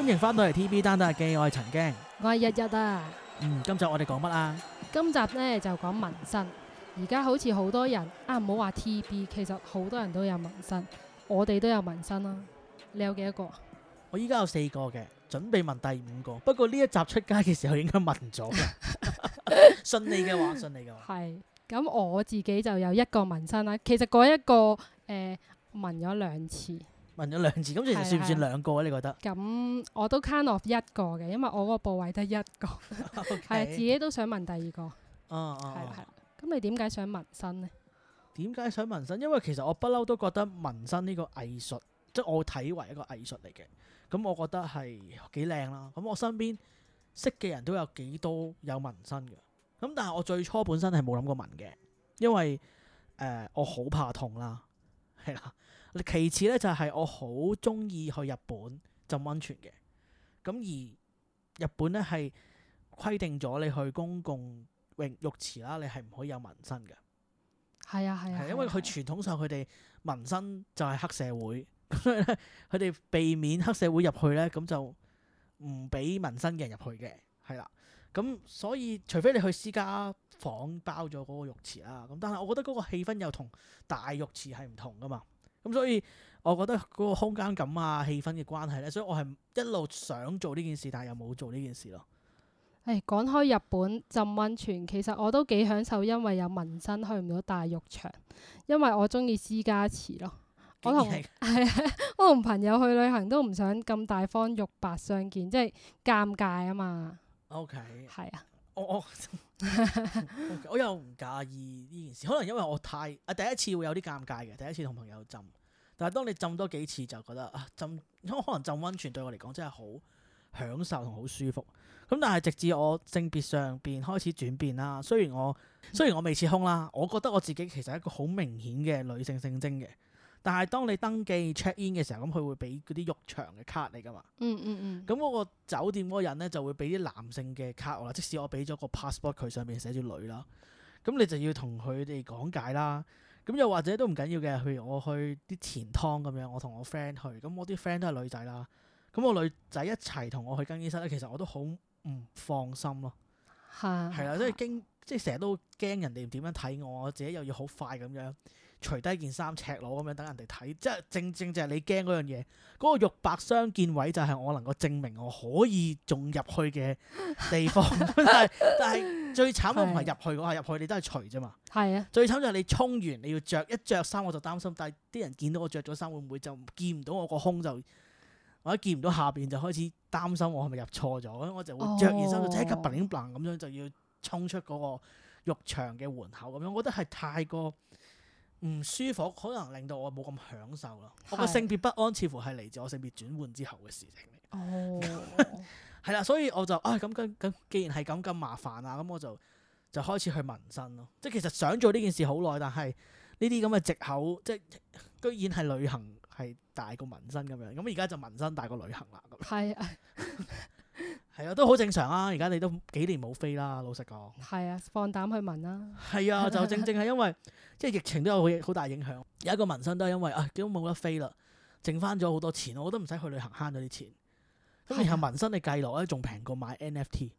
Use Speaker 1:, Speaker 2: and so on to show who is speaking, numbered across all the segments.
Speaker 1: 歡迎翻到嚟 T B 單打記，我係曾驚，
Speaker 2: 我係日日啊。
Speaker 1: 嗯，今集我哋講乜啊？
Speaker 2: 今集咧就講紋身。而家好似好多人啊，唔好話 T B，其實好多人都有紋身，我哋都有紋身啦、啊。你有幾多個？
Speaker 1: 我依家有四個嘅，準備紋第五個。不過呢一集出街嘅時候應該紋咗嘅。
Speaker 2: 信你嘅話，信你嘅話。係，咁我自己就有一個紋身啦、啊。其實嗰一個誒紋咗兩次。
Speaker 1: 問咗兩次，咁你算唔算兩個咧？的你覺得？
Speaker 2: 咁我都 count of 一個嘅，因為我嗰個部位得一個，係啊 Okay. 自己都想問第二個。
Speaker 1: 啊啊，啊啊，係啦，
Speaker 2: 咁你點解想紋身呢？
Speaker 1: 點解想紋身？因為其實我不嬲都覺得紋身呢個藝術，即係我睇為一個藝術嚟嘅。咁我覺得係幾靚啦。咁我身邊識嘅人都有幾多有紋身嘅。咁但係我最初本身係冇諗過紋嘅，因為誒我好怕痛啦，係啦。其次咧，就係，是，我好中意去日本浸溫泉嘅。咁而日本咧，係規定咗你去公共泳浴池啦，你係唔可以有紋身嘅。
Speaker 2: 係啊，係啊，係啊，因為佢
Speaker 1: 傳統上佢哋紋身就係黑社會，所以咧佢哋避免黑社會入去咧，咁就唔俾紋身嘅人入去嘅。係啦，啊，咁所以除非你去私家房包咗嗰個浴池啦，咁但係我覺得嗰個氣氛又同大浴池係唔同噶嘛。咁、嗯、所以，我覺得嗰個空間感啊、氣氛嘅關係咧，所以我係一路想做呢件事，但係又冇做呢件事咯。
Speaker 2: 誒、哎，講開日本浸溫泉，其實我都幾享受，因為有紋身去唔到大浴場，因為我鍾意私家池咯。哦、我同係啊， 我同朋友去旅行都唔想咁大方，肉白相見，即係尷尬啊嘛。
Speaker 1: OK。係啊。我我、哦。哦 我又唔介意呢件事，可能因為我太啊第一次會有啲尷尬嘅，第一次同朋友浸。但係當你浸多幾次就覺得浸，可能浸溫泉對我嚟講真係好享受同好舒服。咁但係直至我性別上邊開始轉變啦，雖然我雖然我未切胸啦，我覺得我自己其實係一個好明顯嘅女性性徵嘅。但係當你登記 check in 嘅時候，咁佢會俾嗰啲浴場嘅卡你噶嘛？嗯，咁嗰個酒店嗰個人咧就會俾啲男性嘅卡我啦。即使我俾咗個 passport，佢上面寫住女啦。咁你就要同佢哋講解啦。咁又或者都唔緊要嘅，譬如我去啲前湯咁樣，我同我 friend 去，咁我啲 friend 都係女仔啦。咁我女仔一齊同我去更衣室咧，其實我都好唔放心咯。
Speaker 2: 係。係啦，
Speaker 1: 都要驚，即係成日都驚人哋點樣睇我，我自己又要好快咁樣。除低件衫，赤裸咁樣等人哋睇，即係正正就係你驚嗰樣嘢。嗰個肉白相見位就係我能夠證明我可以仲入去嘅地方。但係但係最慘我唔係入去，我係入去你都係除啫嘛。係啊，最慘就係你沖完你要着，一着衫我就擔心。但係啲人見到我着咗衫，會唔會就見唔到我個胸就或者見唔到下邊，就開始擔心我係咪入錯咗？咁我就會着件衫，即刻 bling bling 咁樣就要沖出嗰個浴場嘅門口咁樣。我覺得係太過。唔舒服，可能令到我冇咁享受咯。的我個性別不安似乎係嚟自我性別轉換之後嘅事情嚟。哦，係啦， 所以我就，唉，咁咁咁，既然係咁咁麻煩啊，咁我就就開始去紋身咯。即係其實想做呢件事好耐，但係呢啲咁嘅藉口，即係居然係旅行係大過紋身咁樣，咁而家就紋身大過旅行啦。係的。 係啊，都好正常啊。而家你都幾年冇飛啦，老實講。
Speaker 2: 係啊，放膽去紋啦，啊。係啊，就正正
Speaker 1: 係因為 即係疫情都有好好大影響，有一個紋身都係因為啊，根、哎、本冇得飛啦，剩翻咗好多錢，我都唔使去旅行慳咗啲錢。
Speaker 2: 咁然後
Speaker 1: 紋身你計落咧，仲平過買 NFT。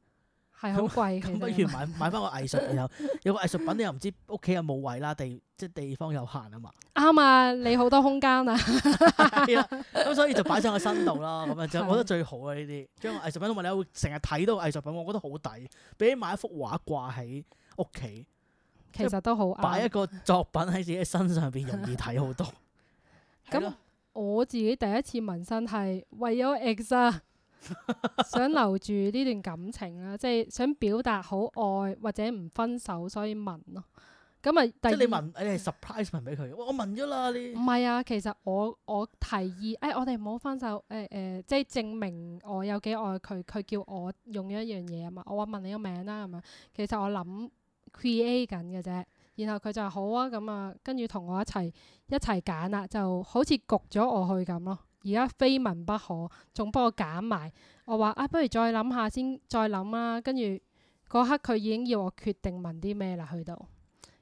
Speaker 2: 係好貴，咁不如買買翻個藝術， 然後有個藝術品，
Speaker 1: 你又唔知屋企有冇位啦，地即係地方有限啊嘛。
Speaker 2: 啱啊 對，你好多空間啊 ，
Speaker 1: 咁所以就擺上個身度啦。咁啊，就我覺得最好啊呢啲，將個藝術品同埋你會成日睇到藝術品，我覺得好抵。比起買一幅畫掛喺屋企，其實都好。擺一個作品喺自己身上邊容易睇好多。
Speaker 2: 咁 的我自己第一次紋身係為咗 ex 啊。 想留住呢段感情啦，即係想表達好愛或者唔分手，所以問咯。咁啊，即係你問誒
Speaker 1: ，surprise 問俾佢，我問咗啦你。
Speaker 2: 唔係啊，其實我我提議，誒、哎，我哋唔好分手，誒、哎、誒、呃，即係證明我有幾愛佢。佢叫我用咗一樣嘢啊嘛，我話問你個名啦係咪？其實我諗 create 緊嘅啫，然後佢就話好啊，咁啊，跟住同我一齊一齊揀啦，就好似焗咗我去咁咯。而家非紋不可，仲幫我揀埋。我話啊，不如再諗下先，再諗啦。跟住嗰刻佢已經要我決定紋啲咩啦，去到。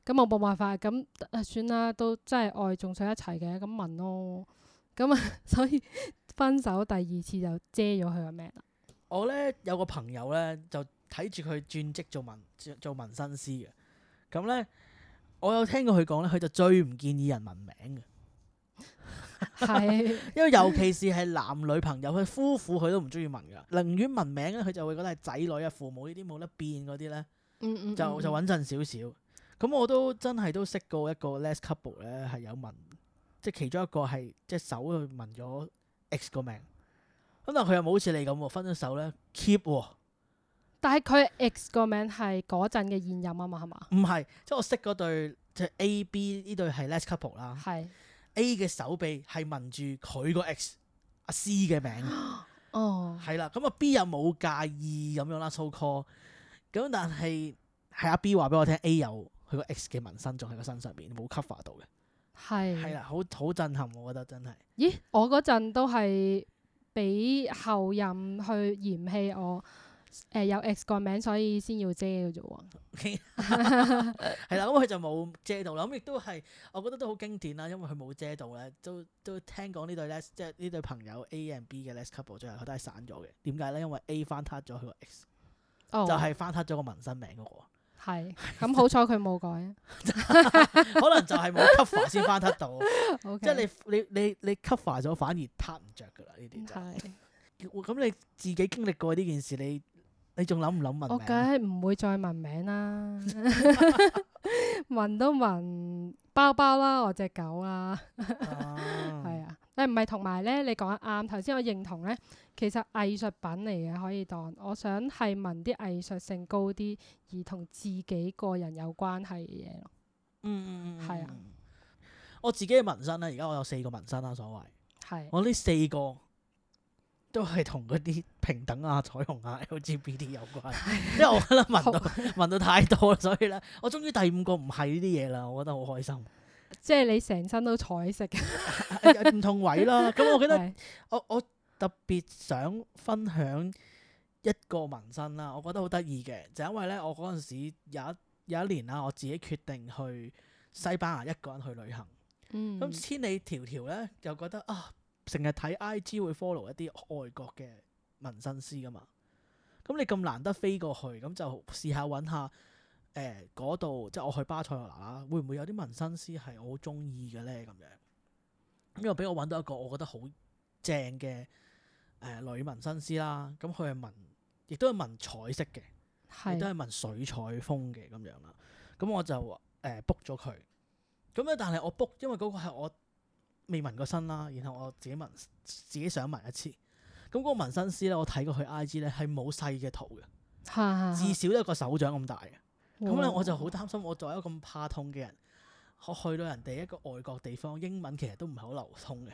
Speaker 2: 咁我冇辦法，咁、啊、算啦，都真係愛仲想一齊嘅，咁紋咯。咁啊，所以分手第二次就遮咗佢個名啦。
Speaker 1: 我呢，有個朋友呢，就睇住佢轉職做紋做做紋身師嘅。咁呢，我有聽過佢講呢，佢就最唔建議人紋名嘅。
Speaker 2: 係， 因為尤其
Speaker 1: 是係男女朋友，佢 夫婦佢都唔中意紋噶，寧願紋名咧，佢就會覺得係仔女啊、父母呢啲冇得變嗰啲咧，嗯嗯，就就穩陣少少。咁我真都真係都識過一個 less couple 咧，係有紋，即係其中一個係即係手去紋咗 x 個名，咁但佢又冇好似你咁分咗手咧 keep。
Speaker 2: 但係佢 x 個名係嗰陣嘅現任啊嘛，係嘛？
Speaker 1: 唔係，即係我識嗰對即係、就是、A B 呢對係 less couple 啦，係。A 嘅手臂係紋住佢個 X 阿 C 嘅名，哦，係啦，咁啊 B 又冇介意咁樣啦，so call 咁但係係阿 B 話俾我聽，A 有佢個 X 嘅紋身仲喺個身上面，冇 cover 到嘅，係，係啦，好好震撼，我覺得真係。
Speaker 2: 咦，我嗰陣都係俾後任去嫌棄我。誒，有 X 個名，所以先要遮嘅啫喎。
Speaker 1: 係啦，咁佢就冇遮到啦。咁亦都係，我覺得都好經典啦。因為佢冇遮到咧，都都聽講呢對咧，即係呢對朋友 A and B 嘅 Les couple 最後佢都係散咗嘅。點解咧？因為 A 翻塌咗佢個 X，就係翻塌咗個紋身名嘅喎。
Speaker 2: 係，咁好彩佢冇改。
Speaker 1: 可能就係冇 cover 先翻塌到。即係你你你你 cover 咗，反而塌唔着噶啦。呢啲就咁你自己經歷過呢件事，你。你仲諗唔諗問名？我梗
Speaker 2: 係唔會再問名啦， 問都問包包啦，我隻狗啦。係啊， 啊。誒，唔係同埋咧，你講得啱，頭先我認同咧，其實藝術品嚟嘅，可以當。我想係紋啲藝術性高啲，而同自己個人有關係嘅嘢咯。嗯嗯嗯，
Speaker 1: 係啊。我自己嘅紋身咧，而家我有四個紋身啦，所謂。係是。我呢四個。都係同嗰啲平等啊、彩虹啊、LGBT 有關， 因為我覺得聞到聞 到太多，所以咧，我終於第五個唔係呢啲嘢啦，我覺得好開心。
Speaker 2: 即係你成身都彩色嘅，唔 同位啦。咁我覺得
Speaker 1: 我我特別想分享一個紋身啦，我覺得好得意嘅，就是、因為咧，我嗰陣時有有一年啦，我自己決定去西班牙一個人去旅行，咁、嗯、千里迢迢咧，就覺得啊～成日睇 IG 會 follow 一啲外國嘅紋身師噶嘛？咁你咁難得飛過去，咁就試，試下揾下誒嗰度，即係我去巴塞羅那啦，會唔會有啲紋身師係我好中意嘅咧？咁樣因為俾我揾到一個我覺得好正嘅誒、呃、女紋身師啦，咁佢係紋，亦都係紋彩色嘅，亦的都係紋水彩風嘅咁樣啦。咁我就誒 book 咗佢。咁、呃、咧，但係我 book，因為嗰個係我。未紋過身啦，然後我自己紋，自己想紋一次。咁、那、嗰個紋身師咧，我睇過佢 I G 咧，係冇細嘅圖嘅，至少一個手掌咁大嘅。咁咧、哦、我就好擔心，我作為一個咁怕痛嘅人，我去到人哋一個外國地方，英文其實都唔係好流通嘅。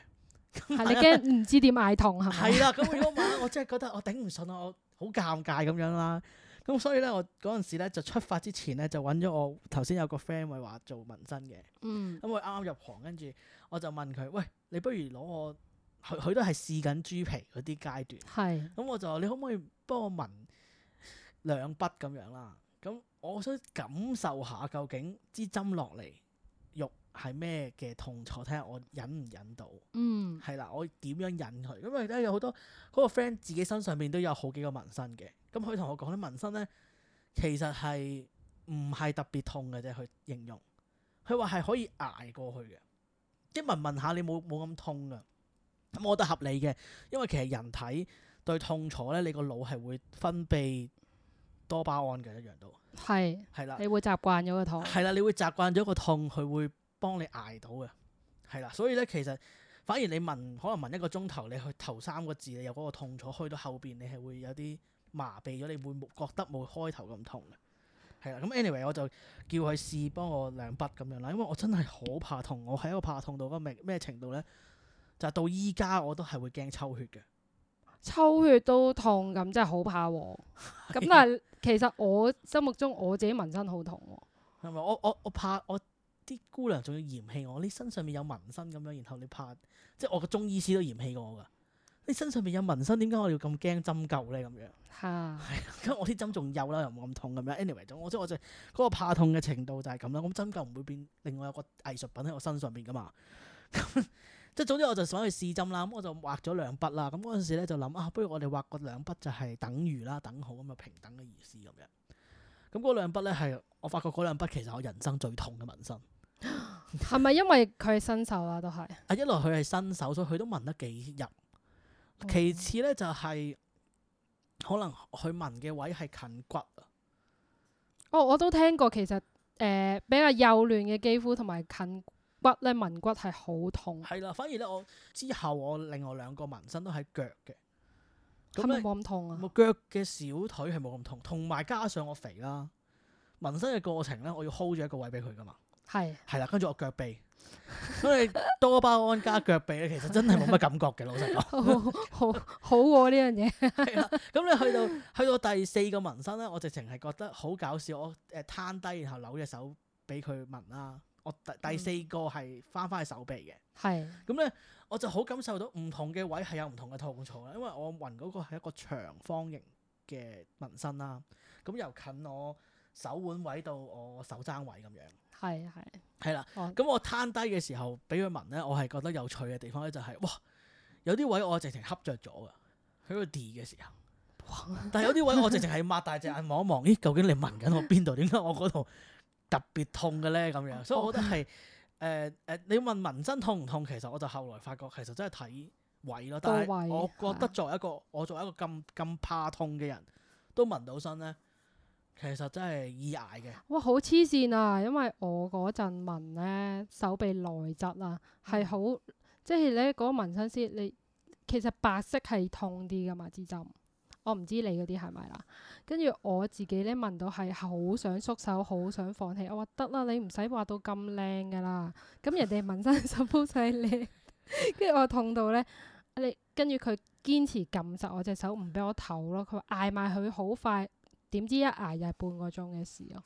Speaker 1: 係是 你驚
Speaker 2: 唔知點嗌痛係咪？係啦， 咁
Speaker 1: 如果萬一我，真係覺得我頂唔順啊，我好尷尬咁樣啦。咁所以咧，我嗰陣時咧就出發之前咧，就揾咗我頭先有個 friend 咪話做紋身嘅，咁佢啱啱入行，跟住我就問佢：喂，你不如攞我，佢佢都係試緊豬皮嗰啲階段，咁是、嗯、我就話你可唔可以幫我紋兩筆咁樣啦？咁我想感受下究竟支針落嚟，係咩嘅痛楚？睇下我忍唔忍到？嗯，係啦，我點樣忍佢？咁啊，而家有好多嗰個 friend 自己身上邊都有好幾個紋身嘅。咁佢同我講咧，紋身咧其實係唔係特別痛嘅啫，佢形容。佢話係可以挨過去嘅，即係紋紋下你冇冇咁痛噶。咁我覺得合理嘅，因為其實人體對痛楚咧，你個腦係會分泌多巴胺嘅，一樣都係係啦，你
Speaker 2: 會習慣咗個痛。係
Speaker 1: 啦，你會習慣咗個痛，佢會。幫你捱到嘅，係啦，所以咧其實反而你紋可能紋一個鐘頭，你去頭三個字你有嗰個痛楚，去到後邊你係會有啲麻痹咗，你會冇覺得冇開頭咁痛嘅，係啦。咁 anyway 我就叫佢試幫我兩筆咁樣啦，因為我真係好怕痛，我喺一個怕痛到嗰咩程度咧，就到依家我都係會驚抽血嘅，
Speaker 2: 抽血都痛咁真係好怕喎。咁 但係其實我心目中我自己紋身好痛喎，
Speaker 1: 係咪？我我我怕我。啲姑娘仲要嫌棄我，你身上面有紋身咁樣，然後你怕即係我個中醫師都嫌棄我㗎。你身上面有紋身，點解我哋要咁驚針灸咧？咁樣嚇係，因、啊、 我啲針仲幼啦，又冇咁痛咁樣。Anyway，總我即我就嗰、是就是嗰個怕痛嘅程度就係咁啦。咁針灸唔會變另外一個藝術品喺我身上邊㗎嘛。咁 即係總之我就想去試針啦。咁我就畫咗兩筆啦。咁嗰陣時咧就諗啊，不如我哋畫個兩筆就係等於啦，等號咁嘅平等嘅意思咁嘅。咁嗰兩筆咧係我發覺嗰兩筆其實我人生最痛嘅紋身。
Speaker 2: 係咪 因為佢係新手啦？都係
Speaker 1: 啊，一來佢係新手，所以佢都紋得幾入。哦、其次咧，就係、是、可能佢紋嘅位係近骨啊。
Speaker 2: 哦，我都聽過，其實誒、呃、比較幼嫩嘅肌膚同埋近
Speaker 1: 骨咧紋骨係好痛。係啦，反而咧我之後我另外兩個紋身都係腳嘅，咁咪冇咁痛啊？我腳嘅小腿係冇咁痛，同埋加上我肥啦，紋身嘅過程咧，我要 hold 住一個位俾佢噶嘛。係，係啦，跟住我腳臂。咁你多巴胺加腳臂，咧，其實真係冇乜感覺嘅， 老實講。好好喎，呢樣嘢。係啦，咁你去到去到第四個紋身咧，我直情係覺得好搞笑，我誒攤低然後扭隻手俾佢紋啦。我第第四個係翻返去手臂嘅。係，嗯。咁咧，我就好感受到唔同嘅位係有唔同嘅痛楚啦，因為我紋嗰個係一個長方形嘅紋身啦，咁由近我手腕位到我手踭位咁樣。係啊係，係啦。咁我攤低嘅時候俾佢紋咧，我係覺得有趣嘅地方咧就係、是，哇！有啲位我直情恰着咗噶，喺度跌嘅時候。哇！但係有啲位我直情係擘大隻眼望一望， 咦？究竟你紋緊我邊度？點解我嗰度特別痛嘅咧？咁樣， 所以我覺得係，誒、呃、誒，你問紋身痛唔痛？其實我就後來發覺，其實真係睇位咯。但係我覺得作為一個 我作為一個咁咁怕痛嘅人都紋到身咧。其實真係易挨嘅。
Speaker 2: 哇，好黐線啊！因為我嗰陣紋咧，手臂內側啊，係好即係咧。嗰個紋身師，你其實白色係痛啲噶嘛？支針，我唔知你嗰啲係咪啦。跟住我自己咧，紋到係好想縮手，好想放棄。我話得啦，你唔使畫到咁靚噶啦。咁人哋紋身師都好犀利，跟住 我痛到咧，你跟住佢堅持撳實我隻手，唔俾我唞咯。佢話嗌埋佢好快。點知一挨又係半個鐘嘅事咯，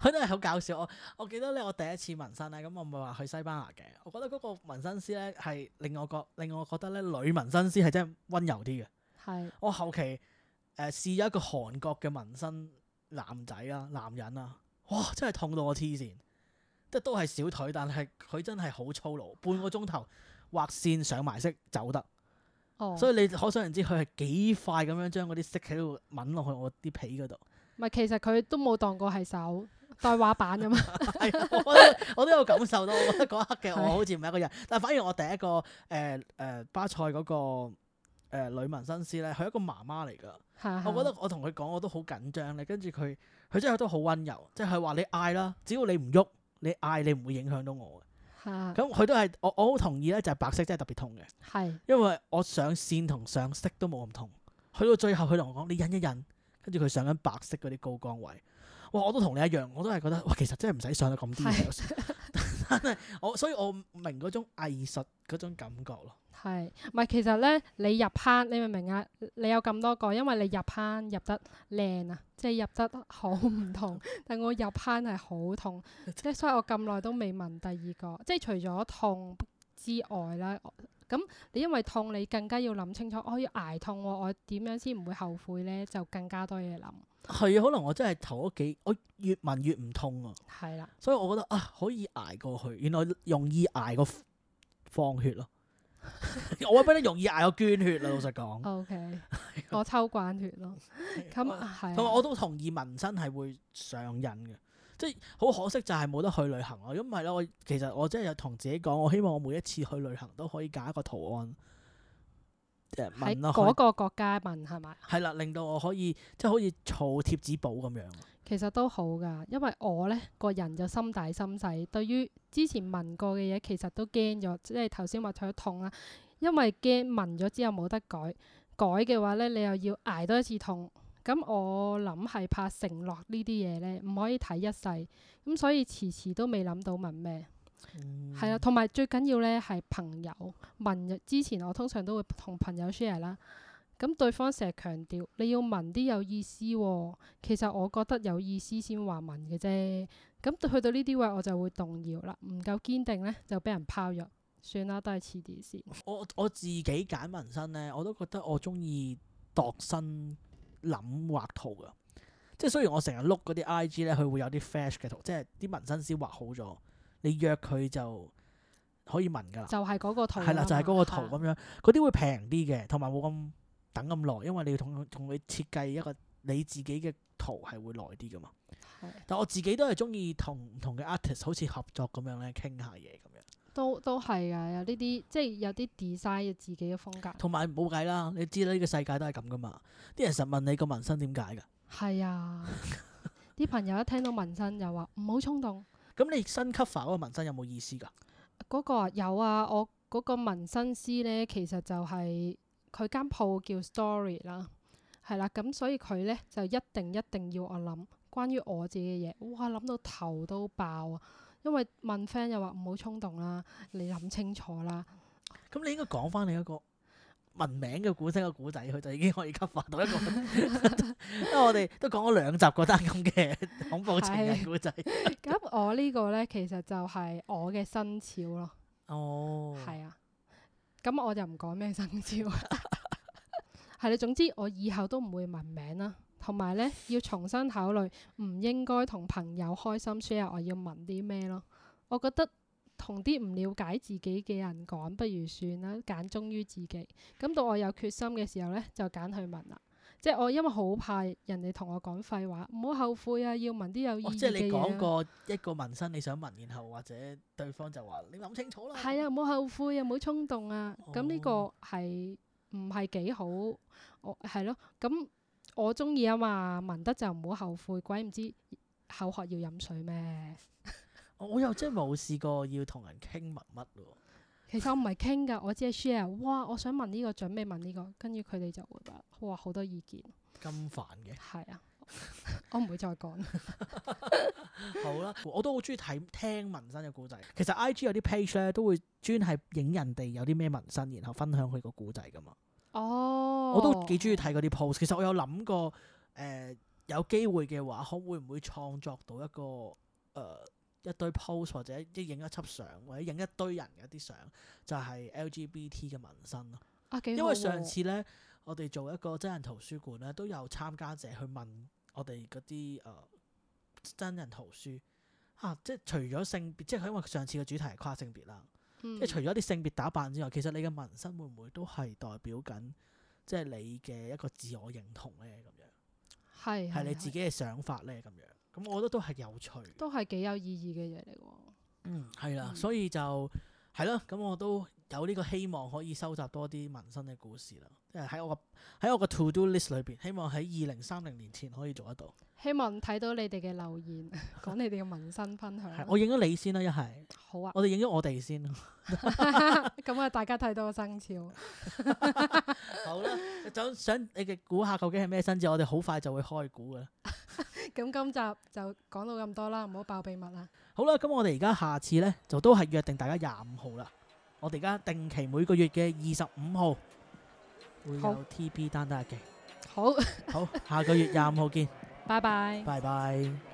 Speaker 1: 佢都係好搞笑。我我記得咧，我第一次紋身咧，咁我唔係話去西班牙嘅。我覺得嗰個紋身師咧係令我覺，令我覺得咧女紋身師係真係溫柔啲嘅。係是。我後期誒、呃、試咗一個韓國嘅紋身男仔啊，男人啊，哇！真係痛到我黐線，即都係小腿，但係佢真係好粗魯，半個鐘頭畫線上埋色走得。Oh, 所以你可想而知，佢係幾快咁樣將嗰啲色喺度揾落去我啲皮嗰度。
Speaker 2: 唔係，其實佢都冇當過係手代畫板咁
Speaker 1: 嘛。我我都有感受到，我覺得嗰一刻嘅 我好似唔係一個人。但係反而我第一個誒誒、呃呃、巴塞嗰、那個、呃呃、女紋身師咧，佢係一個媽媽嚟噶。 我覺得我同佢講我都好緊張咧，跟住佢佢真係都好温柔，即係話你嗌啦，只要你唔喐，你嗌你唔會影響到我咁佢、嗯、都係我我好同意咧，就係、是、白色真係特別痛嘅。係是，因為我上線同上色都冇咁痛。去到最後，佢同我講：你忍一忍，跟住佢上緊白色嗰啲高光位。哇！我都同你一樣，我都係覺得哇，其實真係唔使上到咁啲嘢。是 但係我，所以我明嗰種藝術嗰種感覺咯。
Speaker 2: 係，唔係其實咧，你入坑，你明唔明啊？你有咁多個，因為你入坑入得靚啊，即係入得好唔痛，但我入坑係好痛，即係 所以我咁耐都未問第二個，即係除咗痛之外啦。咁你因為痛，你更加要諗清楚，我可以捱痛，啊，我點樣先唔會後悔咧？就更加多嘢諗。
Speaker 1: 係啊，可能我真係頭幾，我越問越唔痛啊。係啦的，所以我覺得啊，可以捱過去，原來容易捱過放血咯。 我覺得容易捱，我捐血啦，老實講。
Speaker 2: O Okay , K， 我抽慣血咯。咁係。同埋，我都
Speaker 1: 同意紋身係會上癮嘅，即係好可惜就係冇得去旅行啊！如果唔係咧，我其實我真係有同自己講，我希望我每一次去旅行都可以揀一個圖案，喺、呃、嗰
Speaker 2: 個國家紋係咪？
Speaker 1: 係啦，令到我可以即係好似儲貼紙簿咁樣。
Speaker 2: 其實都好㗎，因為我呢個人就心大心細，對於之前問過嘅嘢其實都驚咗，即係頭先話睇痛啦，因為驚問咗之後冇得改，改嘅話呢，你又要捱多一次痛。咁我諗係怕承諾呢啲嘢呢，唔可以睇一世，咁所以遲遲都未諗到問咩，係、嗯、啊，同埋最緊要呢係朋友問之前，我通常都會同朋友 share 啦。咁對方成日強調你要紋啲有意思喎、哦，其實我覺得有意思先話紋嘅啫。咁去到呢啲位我就會動搖啦，唔夠堅定咧就俾人拋咗，算啦都係遲啲
Speaker 1: 先。我我自己揀紋身咧，我都覺得我中意度身諗畫圖噶，即係雖然我成日碌嗰啲 I G 咧，佢會有啲 flash 嘅圖，即係啲紋身師畫好咗，你約佢就可以紋噶啦。就
Speaker 2: 係、是、嗰個圖，係啦，就係嗰個圖咁
Speaker 1: 樣，嗰啲、嗯、會平啲嘅，同埋冇咁，等咁耐，因為你要同同佢設計一個你自己嘅圖，係會耐啲噶嘛。的但我自己都係中意同唔同嘅 artist 好似合作咁樣咧，傾下嘢咁樣。
Speaker 2: 都都係噶，有呢啲即係有啲 design 自己嘅風格。
Speaker 1: 同埋唔好計啦，你知啦，呢個世界都係咁噶嘛。啲人實問你個紋身點解噶？
Speaker 2: 係啊，啲 朋友一聽到紋身又話唔好衝
Speaker 1: 動。咁你新 cover 嗰個紋身有冇意思噶？
Speaker 2: 嗰、啊嗰個啊有啊，我嗰個紋身師咧，其實就係、是。佢間鋪叫 Story 啦，係啦，咁所以佢咧就一定一定要我諗關於我自己嘅嘢，哇諗到頭都爆啊！因為問 friend 又話唔好衝動啦，你諗清楚啦。
Speaker 1: 咁你應該講翻你一個紋名嘅古仔嘅古仔，佢 就已經可以吸發到一個 因為我哋都講咗兩集嗰單咁嘅恐怖情人古仔。咁
Speaker 2: 我呢個咧，其實就係我嘅生肖咯。哦，係啊，咁我就唔講咩生肖。係啦總之，我以後都唔會紋名啦。同埋咧，要重新考慮，唔應該同朋友開心 share。我要紋啲咩咯？我覺得同啲唔了解自己嘅人講，不如算啦，揀忠於自己。咁到我有決心嘅時候咧，就揀去紋啦。即係我因為好怕人哋同我講廢話，唔好後悔啊！要紋啲有意義嘅。哦，即係你講過
Speaker 1: 一個紋身你想紋，然後或者對方就話你諗
Speaker 2: 清楚啦。係啊，唔好後悔，又唔好衝動啊。哦。咁呢個係。唔係幾好，我係咯。咁我中意啊嘛，問得就唔好後悔。鬼唔知口渴要飲水咩？
Speaker 1: 我又真係冇試過要同人傾乜乜喎。
Speaker 2: 其實我唔係傾㗎，我只係 share。哇，我想問呢、呢個，準備問呢、呢個？跟住佢哋就會話哇，好多意見。
Speaker 1: 咁煩嘅。係啊。 我唔會再講。好啦，我都好中意睇聽紋身嘅古仔。其實 I G 有啲 page 咧，都會專係影人哋有啲咩紋身，然後分享佢個古仔噶嘛。哦， 我都幾中意睇嗰啲 post。其實我有諗過，誒、呃，有機會嘅話，可會唔會創作到一個誒、呃、一堆 post，或者一影一輯相，或者影一堆人嘅一啲相，就係、是、LGBT 嘅紋身咯。啊啊，因為上次咧，我哋做一個真人圖書館咧，都有參加者去問。我哋嗰啲誒真人圖書吓、啊，即係除咗性別，即係因為上次嘅主題係跨性別啦，即係、嗯、除咗啲性別打扮之外，其實你嘅紋身會唔會都係代表緊，即係你嘅一個自我認同咧咁樣，
Speaker 2: 係係你自己
Speaker 1: 嘅想法咧咁樣，咁我覺得都係有趣，都
Speaker 2: 係幾有意義嘅嘢嚟喎。
Speaker 1: 嗯，係啦，嗯、所以就係咯，咁我都。有呢個希望可以收集多啲民生嘅故事啦，即係喺我個喺我個 to do list 裏邊，希望喺二零三零年前可以做得到。
Speaker 2: 希望睇到你哋嘅留言，講你哋嘅民生分享。 我
Speaker 1: 影咗你先啦，一係。好啊。我哋影咗我哋先。
Speaker 2: 咁啊，大家睇到個生肖。
Speaker 1: 好啦，就想你哋估下究竟係咩生肖，我哋好快就會開估噶啦。
Speaker 2: 咁 今集就講到咁多啦，唔好爆秘密啊！
Speaker 1: 好啦，咁我哋而家下次咧就都係約定大家廿五號啦。我哋而家定期每個月嘅二十五號會有 TB 單單日記，好，好， 下個月廿五號見，拜拜，拜拜。